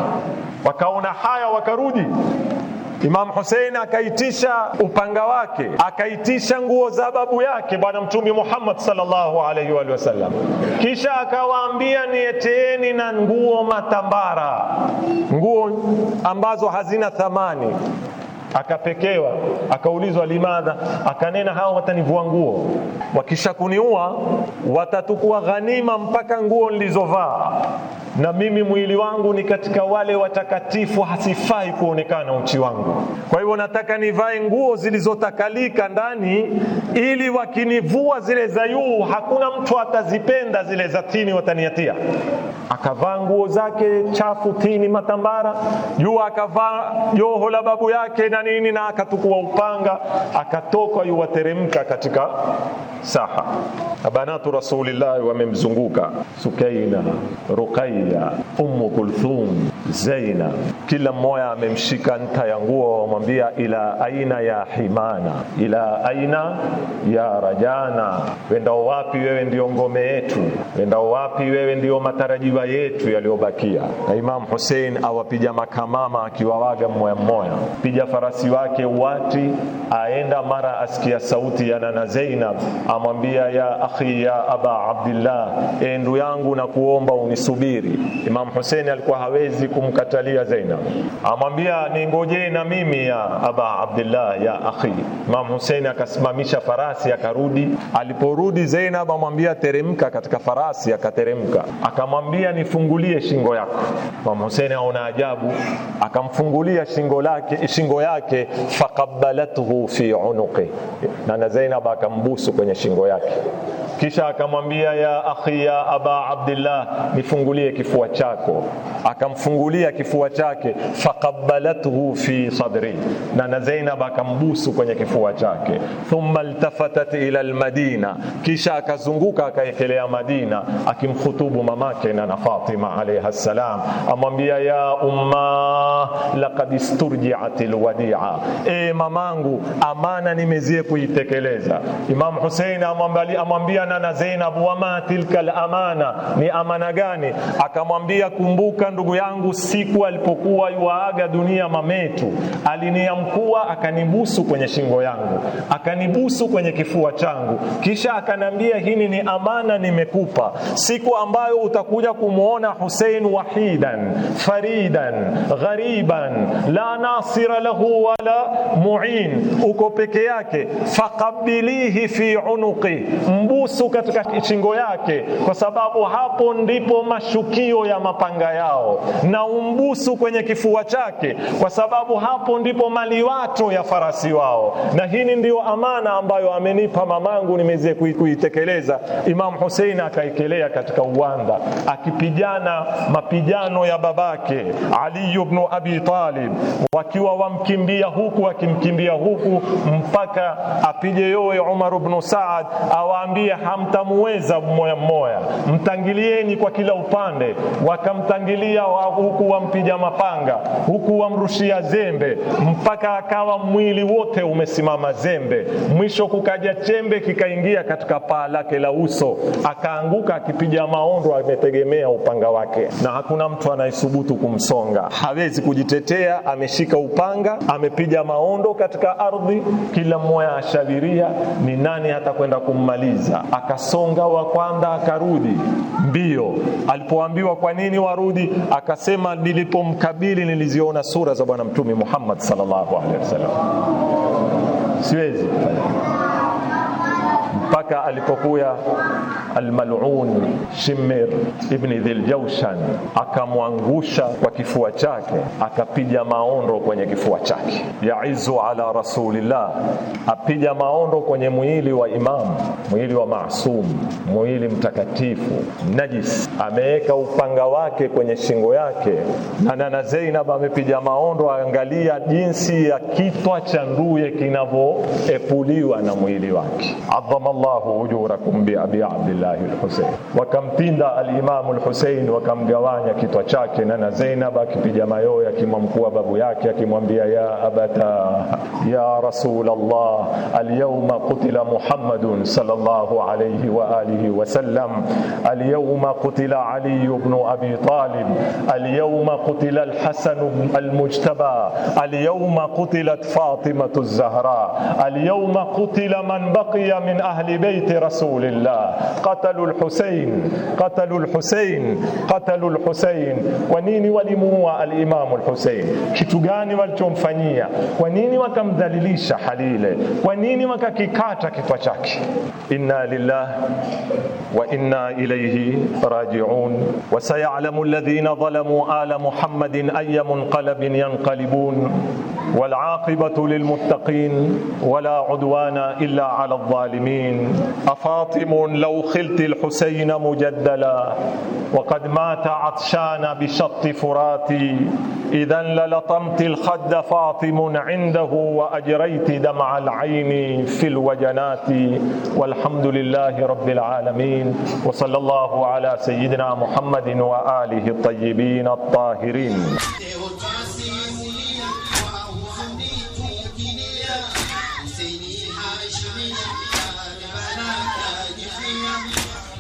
wakaona haya wakarudi. Imam Hussein akaitisha upanga wake, akaitisha nguo za babu yake Bwana Mtume Muhammad sallallahu alayhi wa sallam, kisha akawaambia nieteeni na nguo matambara, nguo ambazo hazina thamani. Akapekewa, akaulizwa limadha, akanena hao watanivua nguo, wakisha kuniua watatukua ghanima mpaka nguo nilizovaa na mimi mwili wangu ni katika wale watakatifu, hasifai kuonekana uchi wangu. Kwa hivyo nataka nivae nguo zilizotakalika ndani, ili wakinivua zile za juu, hakuna mtu atazipenda, zile za chini wataniatia akavaa nguo zake chafu, tini, matambara jua akavaa joho la babu yake na nini, na akatukua upanga, akatoka yuwateremka katika saha. Abanatu Rasulillahi wamemzunguka Sukaina, Ruqaya, Ummu Kulthum, Zaina, kila mmoja amemshika nta ya nguo, wamwambia ila aina ya himana, ila aina ya rajana, wenda wapi wewe ndio ngome yetu, wenda wapi wewe ndio matarajio maziwa yetu yaliyobakia, na Imamu Hussein awapiga makamama akiwawaga mmoya mmoya, piga farasi wake wati aenda, mara asikia sauti ya nana Zainab, amwambia ya akhi ya aba Abdillah, e ndu yangu na kuomba unisubiri. Imamu Hussein alikuwa hawezi kumkatalia Zainab, amwambia ningojee na mimi ya aba Abdillah ya akhi. Imamu Hussein akasimamisha farasi akarudi. Aliporudi Zainab amwambia teremka katika farasi, akateremka akamwambia niambia nifungulie shingo yako. Imam Hussein aona ajabu, akamfungulia shingo lake shingo yake, faqabbalathu fi unuqi, na Zainab akambusu kwenye shingo yake kisha akamwambia ya akhi ya aba abdillah, nifungulie kifua chako. Akamfungulia kifua chake, faqabbalathu fi sadri, na Zainab akambusu kwenye kifua chake. Thumma iltafatat ila almadina, kisha akazunguka akaekelea Madina akimkhutubu mamake na na Fatima alayha salam, amwambia ya umma laqad isturjiat alwadia, e mamangu, amana nimezie kuitekeleza. Imam Hussein amwambia nana Zainab, wama tilka alamana, ni amana gani? Akamwambia, kumbuka ndugu yangu, siku alipokuwa yuaaga dunia mametu, aliniamkua akanibusu kwenye shingo yangu, akanibusu kwenye kifua changu, kisha akanambia, hini ni amana nimekupa, siku ambayo utakuja ku kumwona Hussein wahidan faridan ghariban la nasira lahu wala muin, uko peke yake. Faqabilihi fi unuqi, mbusu katika shingo yake, kwa sababu hapo ndipo mashukio ya mapanga yao, na umbusu kwenye kifua chake, kwa sababu hapo ndipo maliwato ya farasi wao. Na hii ndiyo amana ambayo amenipa mamangu, nimeze kuitekeleza. Imam Hussein akaikelea katika uwanda aki walipigana mapigano ya babake Ali ibn Abi Talib, wakiwa wamkimbia huku akimkimbia huku, mpaka apige yowe Umar ibn Saad awaambie hamtamuweza mmoja mmoja, mtangilieni kwa kila upande. Wakamtangilia wa huku wampija mapanga, huku wamrushia zembe, mpaka akawa mwili wote umesimama zembe. Mwisho kukaja chembe kikaingia katika paa lake la uso, akaanguka akipiga maondo ametegemea kutetea upanga wake, na hakuna mtu anayesubutu kumsonga. Hawezi kujitetea, ameshika upanga, amepiga maondo katika ardhi, kila mmoja ashabiria ni nani atakwenda kummaliza. Akasonga wa kwanza, akarudi mbio. Alipoambiwa kwa nini warudi, akasema nilipomkabili niliziona sura za Bwana Mtume Muhammad sallallahu alaihi wasallam, siwezi mpaka alipokuya almalun Shimir ibni dhiljaushan akamwangusha kwa kifua chake, akapiga maondo kwenye kifua chake. Yaizu ala rasulillah, apiga maondo kwenye mwili wa imamu, mwili wa masum mwili mtakatifu najis. Ameweka upanga wake kwenye shingo yake, na nana Zainab amepiga maondo, aangalia jinsi ya kitwa cha nduye kinavyoepuliwa na mwili wake الله أجوركم بأبي عبد الله الحسين وكم بيندا الإمام الحسين وكم جوانيا كتو أشاكي نانا زينب كتو مايويا كي ممكوا بابو ياكي كي يا أبتا يا رسول الله اليوم قتل محمد صلى الله عليه وآله وسلم اليوم قتل علي بن أبي طالب اليوم قتل الحسن المجتبى اليوم قتلت فاطمة الزهراء اليوم قتل من بقي من أهل أهل بيت رسول الله قتلوا الحسين قتلوا الحسين قتلوا الحسين ونيني walimuua alimamu Hussein? Kitu gani walichomfanyia? Kwa nini wakamdhalilisha Halile? Kwa nini wakakikata kichwa chake? Inna lillahi wa inna ilayhi rajiun. وسيعلم الذين ظلموا آل محمد أي منقلب ينقلبون والعاقبة للمتقين ولا عدوان إلا على الظالمين أفاطم لو خلت الحسين مجدلا وقد مات عطشان بشط فراتي إذا للطمت الخد فاطم عنده وأجريت دمع العين في الوجنات والحمد لله رب العالمين وصلى الله على سيدنا محمد وآله الطيبين الطاهرين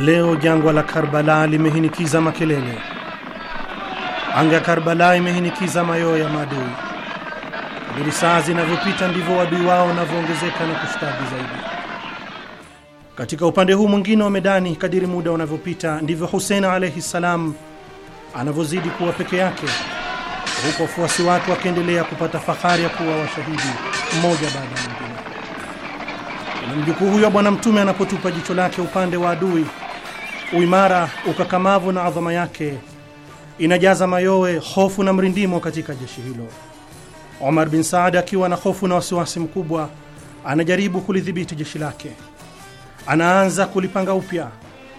Leo jangwa la Karbala limehinikiza makelele, anga ya Karbala imehinikiza mayoyo ya maadui. Kadiri saa zinavyopita ndivyo wadui wao wanavyoongezeka na kustadi zaidi. Katika upande huu mwingine wa medani, kadiri muda unavyopita ndivyo Husein alaihi ssalam anavyozidi kuwa peke yake, huku wafuasi wake wakiendelea kupata fahari ya kuwa washahidi mmoja baada ya mwingine. Na mjukuu huyo wa Bwana Mtume anapotupa jicho lake upande wa adui Uimara, ukakamavu na adhama yake inajaza mayowe, hofu na mrindimo katika jeshi hilo. Omar bin Saad akiwa na hofu na wasiwasi mkubwa, anajaribu kulidhibiti jeshi lake. Anaanza kulipanga upya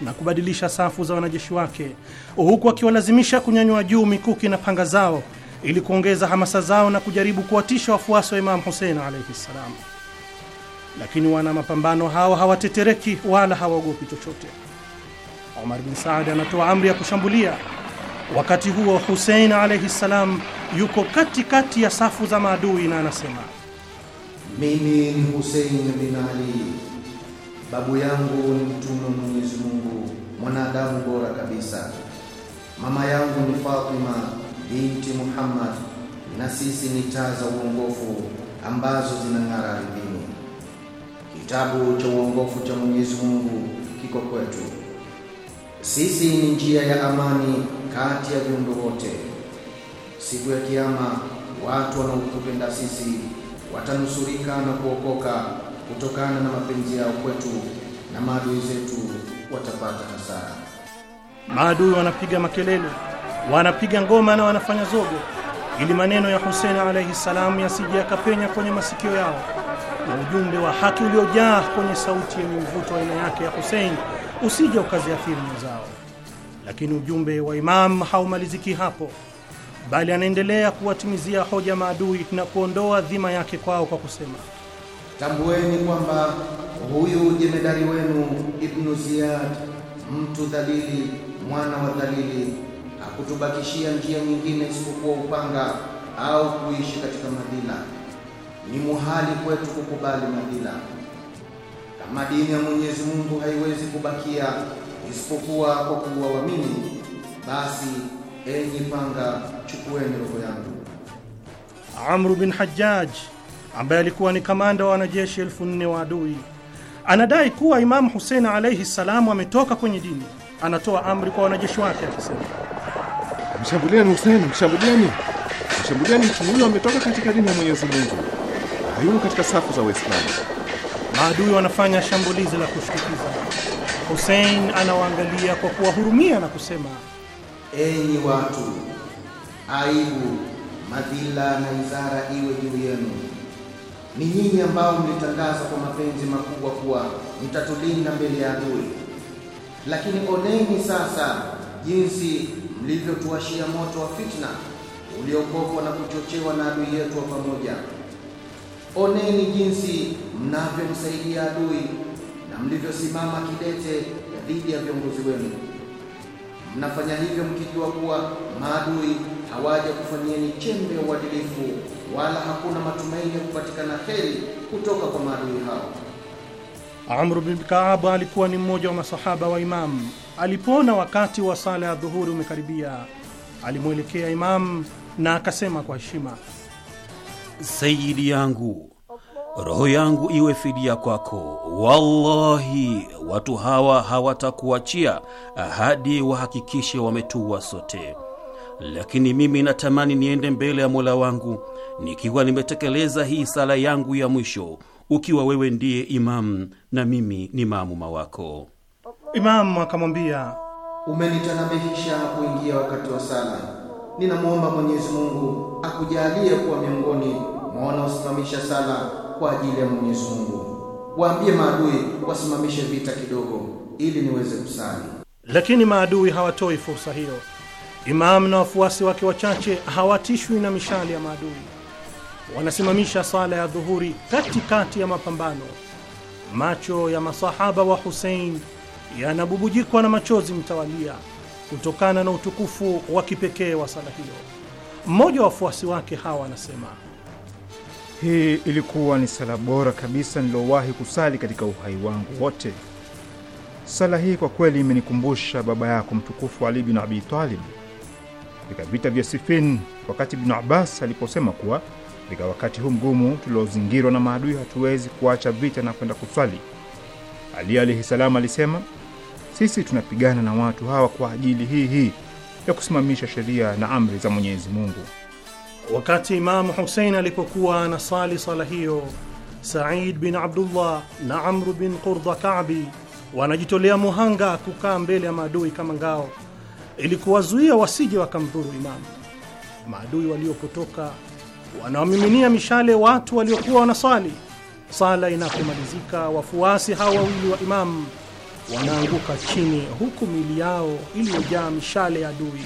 na kubadilisha safu za wanajeshi wake, huku akiwalazimisha kunyanyua juu mikuki na panga zao ili kuongeza hamasa zao na kujaribu kuwatisha wafuasi wa Imamu Husein alaihi ssalam. Lakini wana mapambano hao hawatetereki wala hawaogopi chochote. Omar bin Saad anatoa amri ya kushambulia. Wakati huo Husein alaihi ssalam yuko katikati kati ya safu za maadui na anasema, mimi ni Husein bin Ali, babu yangu ni mtume wa Mwenyezi Mungu, mwanadamu bora kabisa. Mama yangu ni Fatima binti Muhammad, na sisi ni taa za uongofu ambazo zinang'ara ardhini. Kitabu cha uongofu cha Mwenyezi Mungu kiko kwetu sisi ni njia ya amani kati ya viumbe wote. Siku ya Kiyama, watu wanaotupenda sisi watanusurika na kuokoka kutokana na mapenzi yao kwetu, na maadui zetu watapata hasara. Maadui wanapiga makelele, wanapiga ngoma na wanafanya zogo, ili maneno ya Hussein alayhi salamu yasije yakapenya kwenye masikio yao, na ujumbe wa haki uliojaa kwenye sauti yenye mvuto aina yake ya Hussein usije ukaziathiri mwenzao. Lakini ujumbe wa Imam haumaliziki hapo, bali anaendelea kuwatimizia hoja maadui na kuondoa dhima yake kwao kwa kusema, tambueni kwamba huyu jemedari wenu Ibnu Ziyad, mtu dhalili, mwana wa dhalili, hakutubakishia njia nyingine isipokuwa upanga au kuishi katika madhila. Ni muhali kwetu kukubali madhila madini dini ya Mwenyezi Mungu haiwezi kubakia isipokuwa kwa kuwa basi enyi panga, chukueni roho yangu. Amru bin Hajjaj ambaye alikuwa ni kamanda wa wanajeshi elfu nne wa adui anadai kuwa Imamu Husein alaihi salamu ametoka kwenye dini. Anatoa amri kwa wanajeshi wake akisema, mshambulieni Husein, mshambulieni, mshambulieni, mtu huyo ametoka katika dini ya Mwenyezi Mungu, hayuko katika safu za Waislamu. Maadui wanafanya shambulizi la kushtukiza. Hussein anawaangalia kwa kuwahurumia na kusema, enyi watu, aibu, madhila na izara iwe juu yenu. Ni nyinyi ambao mlitangaza kwa mapenzi makubwa kuwa mtatulinda mbele ya adui, lakini oneni sasa jinsi mlivyotuashia moto wa fitna uliokokwa na kuchochewa na adui yetu wa pamoja. Oneni jinsi mnavyomsaidia adui na mlivyosimama kidete dhidi ya viongozi wenu. Mnafanya hivyo mkijua kuwa maadui hawaja kufanyieni chembe ya uadilifu, wala hakuna matumaini ya kupatikana heri kutoka kwa maadui hao. Amr bin kaabu alikuwa ni mmoja wa masahaba wa Imamu. Alipoona wakati wa sala ya dhuhuri umekaribia, alimwelekea Imamu na akasema kwa heshima sayidi yangu, roho yangu iwe fidia kwako. Wallahi, watu hawa hawatakuachia hadi wahakikishe wametuwa sote. Lakini mimi natamani niende mbele ya Mola wangu nikiwa nimetekeleza hii sala yangu ya mwisho, ukiwa wewe ndiye imamu na mimi ni maamuma wako. Imamu akamwambia, umenitanabihisha kuingia wakati wa sala. Ninamwomba Mwenyezi Mungu akujalie kuwa miongoni na wanaosimamisha sala kwa ajili ya Mwenyezi Mungu. Waambie maadui wasimamishe vita kidogo, ili niweze kusali. Lakini maadui hawatoi fursa hiyo. Imamu na wafuasi wake wachache hawatishwi na mishale ya maadui, wanasimamisha sala ya dhuhuri katikati ya mapambano. Macho ya masahaba wa Husein yanabubujikwa na machozi mtawalia kutokana na utukufu wa kipekee wa sala hiyo. Mmoja wa wafuasi wake hawa anasema hii ilikuwa ni sala bora kabisa niliowahi kusali katika uhai wangu wote. Sala hii kwa kweli imenikumbusha baba yako mtukufu Ali bin Abi Talib katika vita vya Sifin, wakati Ibnu Abbas aliposema kuwa katika wakati huu mgumu tuliozingirwa na maadui, hatuwezi kuacha vita na kwenda kuswali. Ali alaihi salam alisema, sisi tunapigana na watu hawa kwa ajili hii hii ya kusimamisha sheria na amri za Mwenyezi Mungu. Wakati Imamu Husein alipokuwa anasali sala hiyo, Said bin Abdullah na Amru bin Qurda Kabi wanajitolea muhanga kukaa mbele ya maadui kama ngao, ili kuwazuia wasije wakamdhuru imamu. Maadui waliopotoka wanawamiminia mishale watu waliokuwa wanasali. Sala inapomalizika, wafuasi hawa wawili wa imamu wanaanguka chini, huku mili yao iliyojaa mishale ya adui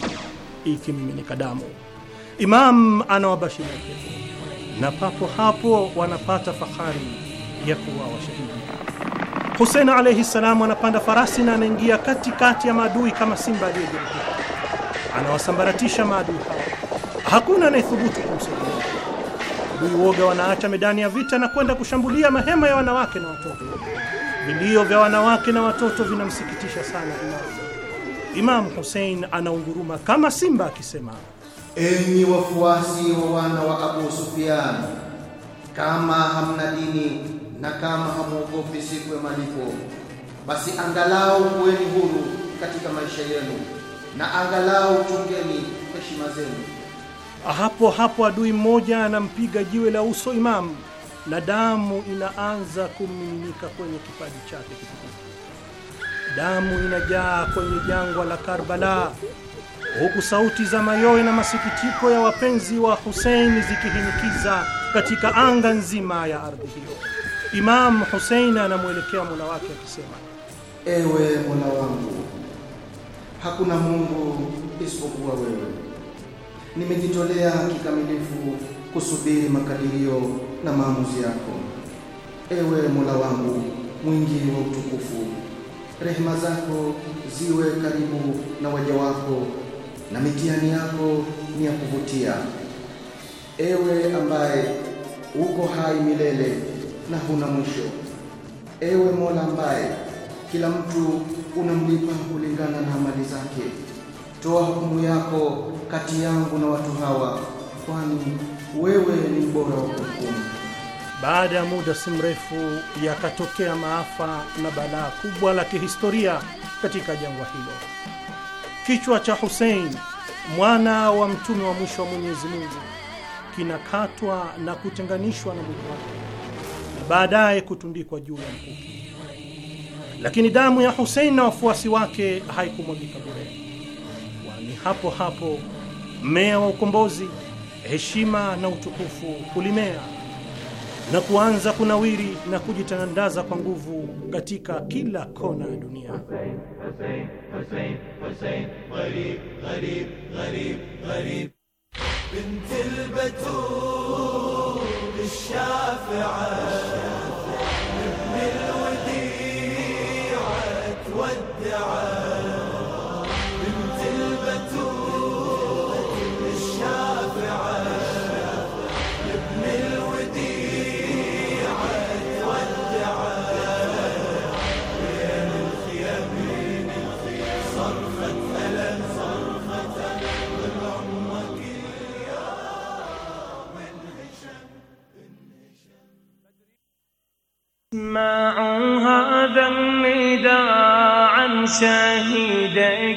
ikimiminika damu. Imam anawabashiria pepo na papo hapo wanapata fahari ya kuwa washahidi. Husein alaihi ssalamu anapanda farasi na anaingia katikati ya maadui kama simba aliyejeruhiwa, anawasambaratisha maadui hao, hakuna anayethubutu kumsaidia. Adui woga wanaacha medani ya vita na kwenda kushambulia mahema ya wanawake na watoto. Vilio vya wanawake na watoto vinamsikitisha sana Imam. Imam Husein anaunguruma kama simba akisema enyi wafuasi wa wana wa Abu Sufyan, kama hamna dini na kama hamuogopi siku ya malipo, basi angalau kuweni huru katika maisha yenu na angalau chungeni heshima zenu. Hapo hapo adui mmoja anampiga jiwe la uso Imamu na damu inaanza kumiminika kwenye kipaji chake kitukufu. Damu inajaa kwenye jangwa la Karbala huku sauti za mayowe na masikitiko ya wapenzi wa Huseini zikihinikiza katika anga nzima ya ardhi hiyo. Imamu Huseini anamwelekea mola wake akisema, ewe mola wangu, hakuna mungu isipokuwa wewe. Nimejitolea kikamilifu kusubiri makadirio na maamuzi yako. Ewe mola wangu mwingi wa utukufu, rehema zako ziwe karibu na waja wako na mitihani yako ni ya kuvutia. Ewe ambaye uko hai milele na huna mwisho, ewe Mola ambaye kila mtu unamlipa kulingana na amali zake, toa hukumu yako kati yangu na watu hawa, kwani wewe ni mbora wa kuhukumu. Baada ya muda si mrefu, yakatokea maafa na balaa kubwa la kihistoria katika jangwa hilo. Kichwa cha Hussein mwana wa mtume wa mwisho wa Mwenyezi Mungu kinakatwa na kutenganishwa na mwili wake na baadaye kutundikwa juu ya mkuki, lakini damu ya Hussein na wafuasi wake haikumwagika bure, kwani hapo hapo mmea wa ukombozi, heshima na utukufu kulimea na kuanza kunawiri na kujitandaza kwa nguvu katika kila kona ya dunia.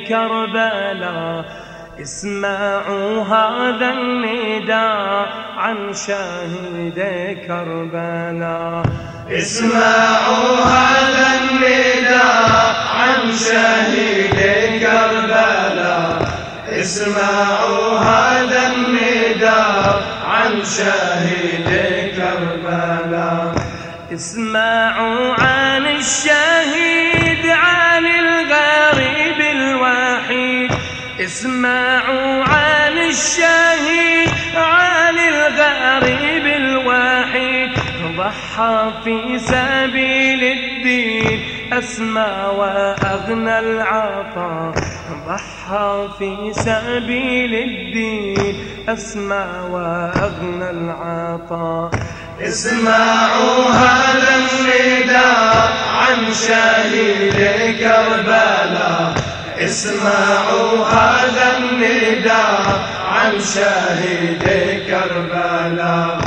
كربلاء اسمعوا هذا النداء عن شهيد كربلاء اسمعوا هذا النداء عن شهيد كربلاء اسمعوا هذا النداء عن شهيد كربلاء اسمعوا عن الشهيد الشهيد عن الغريب الوحيد ضحى في سبيل الدين أسمى وأغنى العطاء ضحى في سبيل الدين أسمى وأغنى العطاء اسمعوا هذا النداء عن شهيد كربلاء اسمعوا هذا النداء عن شهيد كربلاء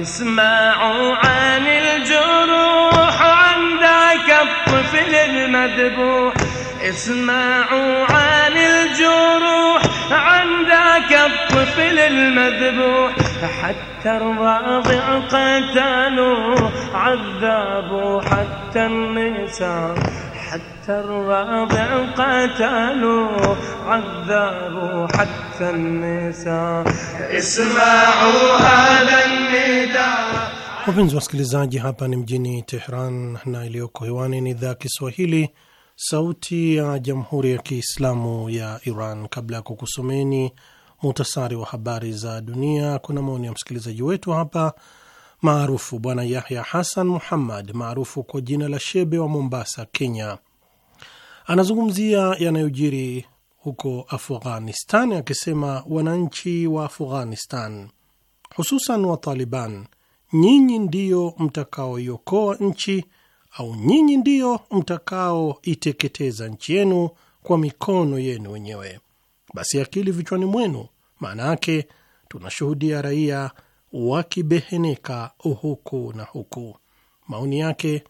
اسمعوا عن الجروح عن ذاك الطفل المذبوح اسمعوا عن الجروح عن ذاك الطفل المذبوح حتى الراضع قتلوا عذبوا حتى النساء حتى الرابع قتلوا عذبوا حتى النساء اسمعوا هذا النداء Wapenzi wasikilizaji, hapa ni mjini Tehran na iliyoko hewani ni idhaa ya Kiswahili, sauti ya jamhuri ya kiislamu ya Iran. Kabla ya kukusomeni muhtasari wa habari za dunia, kuna maoni ya msikilizaji wetu hapa maarufu Bwana Yahya Hasan Muhammad maarufu kwa jina la Shebe wa Mombasa, Kenya, Anazungumzia yanayojiri huko Afghanistan akisema, wananchi wa Afghanistan hususan wa Taliban, nyinyi ndiyo mtakaoiokoa nchi au nyinyi ndiyo mtakaoiteketeza nchi yenu kwa mikono yenu wenyewe. Basi akili vichwani mwenu, maana yake tunashuhudia raia wakibeheneka huku na huku. Maoni yake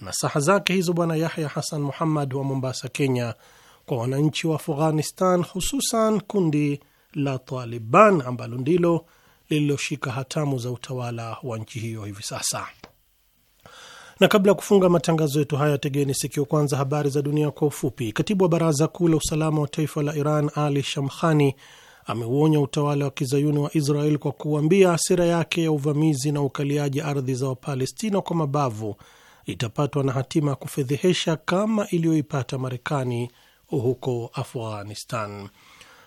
Nasaha zake hizo Bwana Yahya hasan Muhammad wa Mombasa, Kenya, kwa wananchi wa Afghanistan, hususan kundi la Taliban ambalo ndilo lililoshika hatamu za utawala wa nchi hiyo hivi sasa. Na kabla ya kufunga matangazo yetu haya, tegeni sikio kwanza habari za dunia kwa ufupi. Katibu wa Baraza Kuu la Usalama wa Taifa la Iran Ali Shamkhani ameuonya utawala wa kizayuni wa Israel kwa kuambia hasira yake ya uvamizi na ukaliaji ardhi za Wapalestina kwa mabavu itapatwa na hatima ya kufedhehesha kama iliyoipata Marekani huko Afghanistan.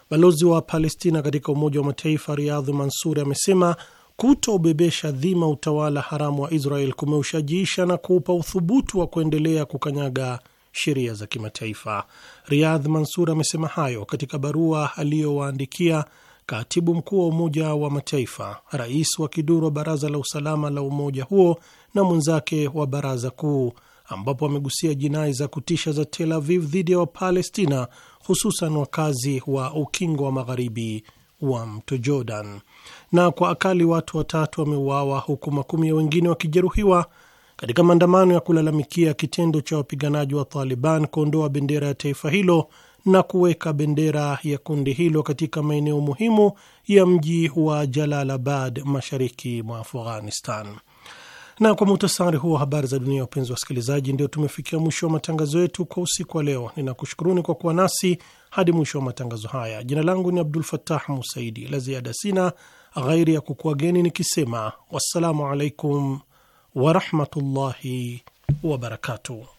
Balozi wa Palestina katika Umoja wa Mataifa Riadhu Mansuri amesema kutobebesha dhima utawala haramu wa Israel kumeushajiisha na kuupa uthubutu wa kuendelea kukanyaga sheria za kimataifa. Riadh Mansur amesema hayo katika barua aliyowaandikia katibu mkuu wa Umoja wa Mataifa, rais wa kiduru wa Baraza la Usalama la umoja huo na mwenzake wa Baraza Kuu, ambapo amegusia jinai za kutisha za Tel Aviv dhidi ya Wapalestina, hususan wakazi wa ukingo wa magharibi wa mto Jordan. Na kwa akali watu watatu wameuawa huku makumi ya wengine wakijeruhiwa katika maandamano ya kulalamikia kitendo cha wapiganaji wa Taliban kuondoa bendera ya taifa hilo na kuweka bendera ya kundi hilo katika maeneo muhimu ya mji wa Jalalabad mashariki mwa Afghanistan. Na kwa muhtasari huo habari za dunia, wapenzi wasikilizaji, ndio tumefikia mwisho wa matangazo yetu kwa usiku wa leo. Ninakushukuruni kwa kuwa nasi hadi mwisho wa matangazo haya. Jina langu ni Abdul fatah Musaidi. La ziada sina ghairi ya kukuageni nikisema wassalamu alaikum warahmatullahi wabarakatuh.